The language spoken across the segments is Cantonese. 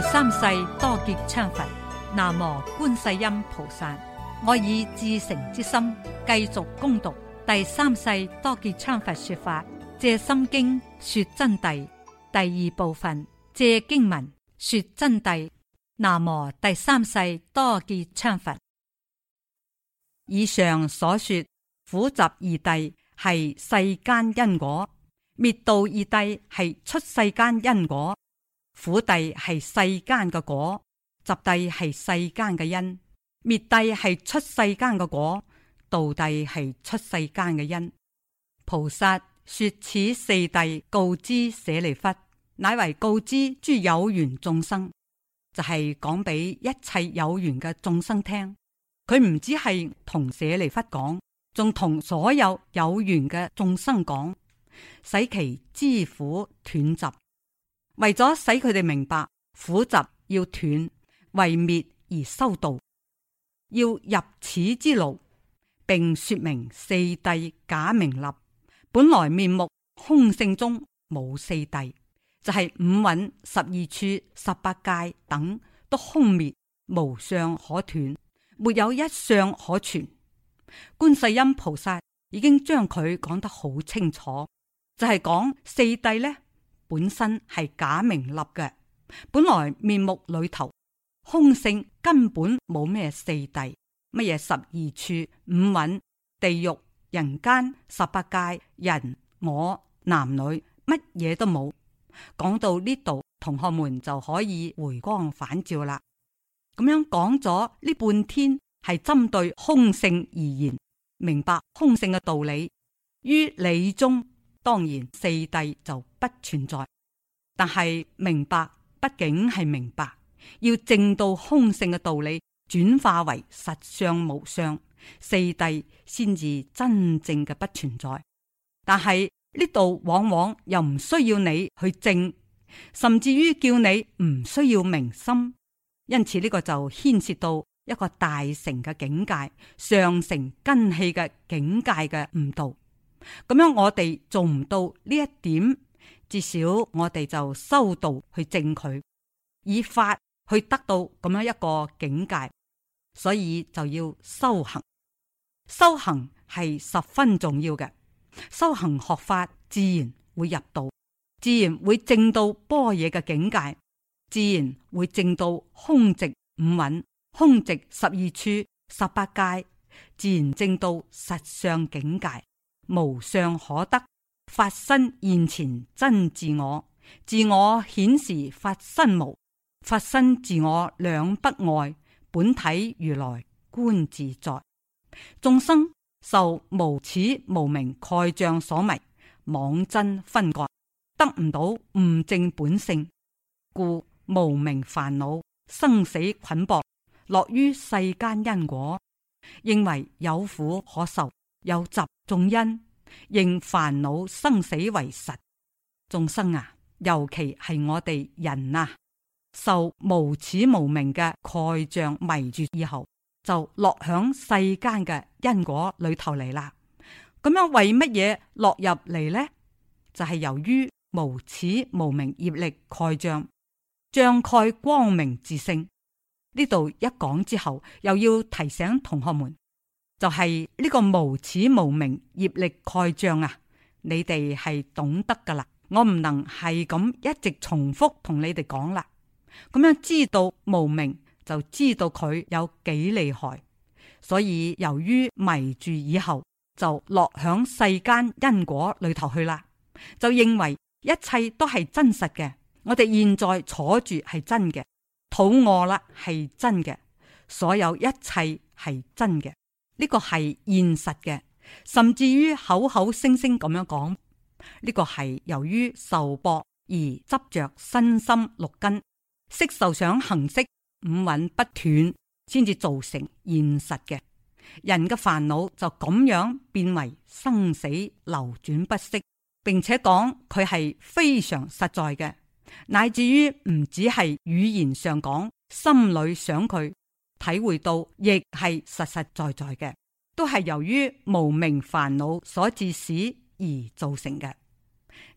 第三世多杰羌佛，南無觀世音菩薩。我以至誠之心繼續攻讀第三世多杰羌佛說法，藉心經說真諦第二部分，藉經文說真諦。南無第三世多杰羌佛。以上所說苦集二諦係世間因果，滅道二諦係出世間因果。苦諦係世間嘅果，集諦係世間嘅因，滅諦係出世間嘅果，道諦係出世間嘅因。菩薩說此四諦告知舍利弗，乃為告知諸有緣眾生，就係、是、講俾一切有緣嘅眾生聽。佢唔止係同舍利弗講，仲同所有有緣嘅眾生講，使其知苦斷集。為咗使佢哋明白苦集要斷，為滅而修道，要入此之路，並說明四諦假名立，本來面目空性中冇四諦，就係、是、五蘊、十二處、十八界等都空滅，無相可斷，沒有一相可存。觀世音菩薩已經將佢講得好清楚，就係、是、講四諦呢。本身係假名立嘅，本來面目裏頭空性根本冇咩四諦，乜嘢十二處、五蘊、地獄、人間、十八界、人我男女，乜嘢都冇。講到呢度，同學們就可以回光返照啦。咁樣講咗呢半天，係針對空性而言，明白空性嘅道理，於理中。當然，四諦就不存在，但係明白，畢竟係明白，要證到空性嘅道理，轉化為實相無相，四諦先至真正嘅不存在。但係呢度往往又唔需要你去證，甚至於叫你唔需要明心，因此呢個就牽涉到一個大乘嘅境界，上乘根器嘅境界嘅悟道。咁樣我哋做唔到呢一點，至少我哋就修道去證佢，以法去得到咁樣一個境界，所以就要修行。修行係十分重要嘅，修行學法自然會入道，自然會證到般若嘅境界，自然會證到空寂五蘊、空寂十二處、十八界，自然證到實相境界。無相可得，法身現前真自我，自我顯示法身無，法身自我兩不外。本體如來觀自在。眾生受無始無明蓋障所迷，妄真分覺，得唔到悟正本性，故無明煩惱生死捆縛，落於世間因果，認為有苦可受。有集眾因，認煩惱生死為實，眾生啊，尤其係我哋人啊，受無始無明嘅蓋障迷住以後，就落響世間嘅因果裏頭嚟啦。咁樣為乜嘢落入嚟呢？就係、是、由於無始無明業力蓋障，障蓋光明自性。呢度一講之後，又要提醒同學們。就係呢個無始無明、業力蓋障啊！你哋係懂得噶啦，我唔能係咁一直重複同你哋講啦。咁樣知道無明，就知道佢有幾厲害。所以由於迷住以後，就落響世間因果裏頭去啦，就認為一切都係真實嘅。我哋現在坐住係真嘅，肚餓啦係真嘅，所有一切係真嘅。呢個係現實嘅，甚至於口口聲聲咁樣講，呢、這個係由於受搏而執着身心六根，色受想行識五蘊不斷，先至造成現實嘅人嘅煩惱，就咁樣變為生死流轉不息，並且講佢係非常實在嘅，乃至於唔只係語言上講，心裏想佢。體會到，亦係實實在在嘅，都係由於無明煩惱所致使而造成嘅。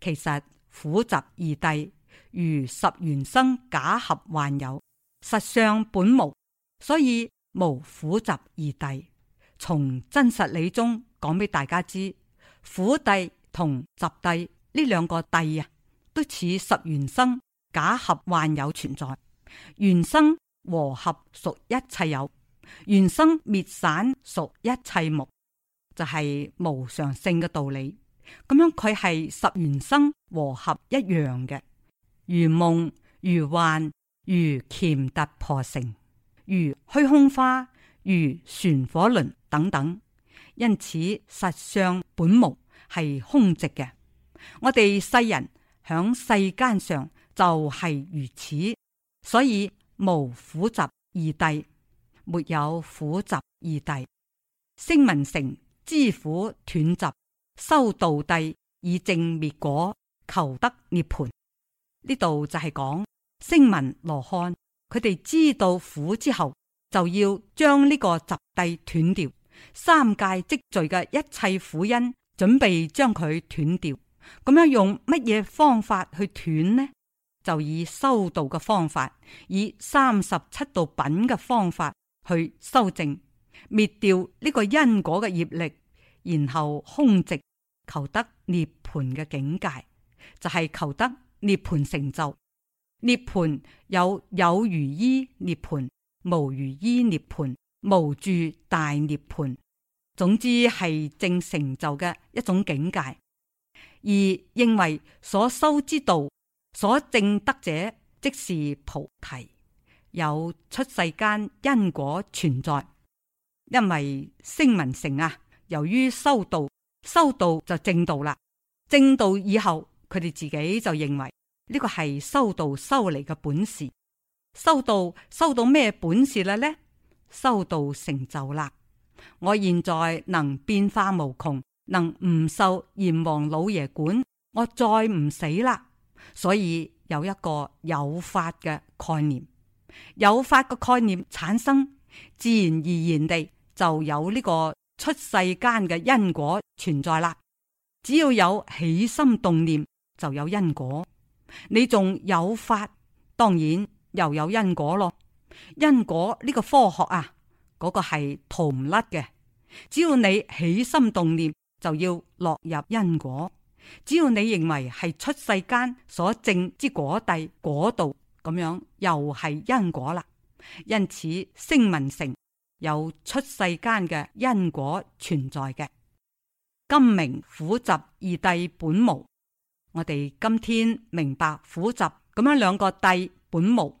其實苦集二諦，如十緣生假合幻有，實相本無，所以無苦集二諦。從真實理中講俾大家知，苦諦同集諦呢兩個諦啊，都似十緣生假合幻有存在，緣生。和合屬一切有，緣生滅散屬一切無，就係、是、無常性嘅道理。咁樣佢係十緣生和合一樣嘅，如夢如幻如乾闥婆城、如虛空花如旋火輪等等，因此實相本無係空寂嘅。我哋世人響世間上就係如此，所以。無苦集二諦，沒有苦集二諦。聲聞成知苦斷集，修道諦以證滅果，求得涅槃。呢度就係講聲聞羅漢，佢哋知道苦之後，就要將呢個集諦斷掉，三界積聚嘅一切苦因，準備將佢斷掉。咁樣用乜嘢方法去斷呢？就以修道嘅方法，以三十七道品嘅方法去修正滅掉呢個因果嘅業力，然後空寂求得涅槃嘅境界，就係、是、求得涅槃成就。涅槃有有如依涅槃，無如依涅槃，無住大涅槃，總之係正成就嘅一種境界。而認為所修之道。所正得者，即是菩提有出世間因果存在，因為聲聞乘啊，由於修道，修道就正道啦。正道以後，佢哋自己就認為呢、這個係修道修嚟嘅本事。修道修到咩本事啦？呢修道成就啦。我現在能變化無窮，能唔受閻王老爺管，我再唔死啦。所以有一個有法嘅概念，有法嘅概念產生，自然而然地就有呢個出世間嘅因果存在啦。只要有起心動念，就有因果。你仲有法，當然又有因果咯。因果呢個科學啊，嗰個係逃唔甩嘅。只要你起心動念，就要落入因果。只要你認為係出世間所證之果地果道咁樣，又係因果啦。因此，聲聞乘有出世間嘅因果存在嘅。今明苦集二諦本無，我哋今天明白苦集咁樣兩個諦本無，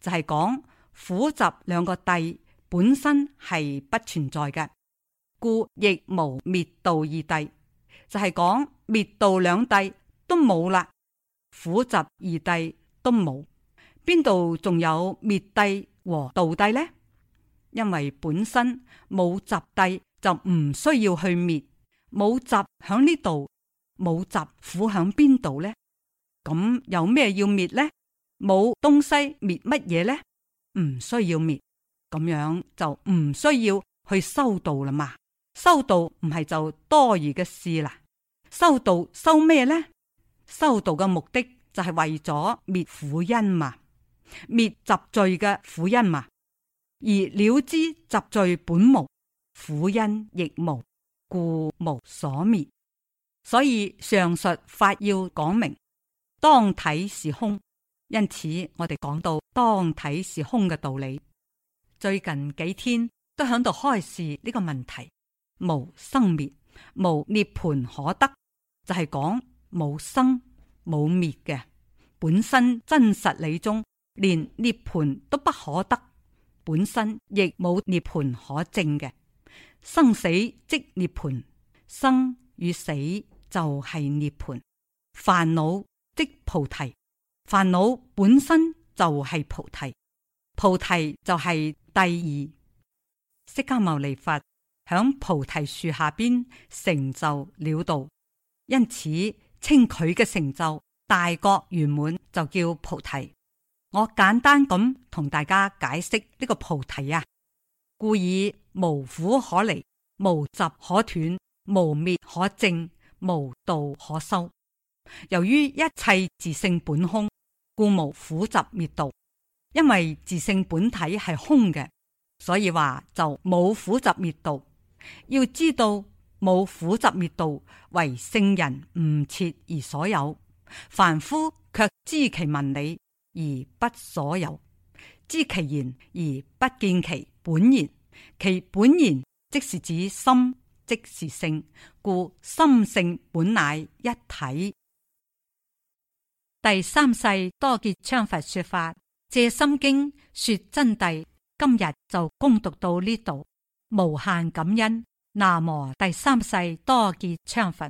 就係、是、講苦集兩個諦本身係不存在嘅，故亦無滅道二諦。就係講滅道兩帝都冇啦，苦集二帝都冇，邊度仲有滅帝和道帝呢？因為本身冇集帝就唔需要去滅，冇集喺呢度，冇集苦喺邊度呢？咁有咩要滅呢？冇東西滅乜嘢呢？唔需要滅，咁樣就唔需要去修道啦嘛。修道唔係就多餘嘅事啦，修道修咩呢？修道嘅目的就係為咗滅苦因嘛，滅集罪嘅苦因嘛，而了知集罪本無，苦因亦無，故無所滅。所以上述法要講明，當體是空。因此我哋講到當體是空嘅道理，最近幾天都響度開示呢個問題。無生滅，無涅槃可得，就係、是、講無生冇滅嘅本身真實理中，連涅槃都不可得，本身亦冇涅槃可證嘅。生死即涅槃，生與死就係涅槃。煩惱即菩提，煩惱本身就係菩提，菩提就係第二釋迦牟尼佛。響菩提樹下邊成就了道，因此稱佢嘅成就大覺圓滿就叫菩提。我簡單咁同大家解釋呢個菩提啊，故以無苦可離，無集可斷，無滅可證，無道可修。由於一切自性本空，故無苦集滅道。因為自性本體係空嘅，所以話就冇苦集滅道。要知道冇苦集滅道，為聖人悟徹而所有，凡夫卻知其文理而不所有，知其言而不見其本言。其本言即是指心，即是性，故心性本乃一體。第三世多杰羌佛說法藉心經說真諦，今日就恭讀到呢度。無限感恩，南無第三世多杰羌佛。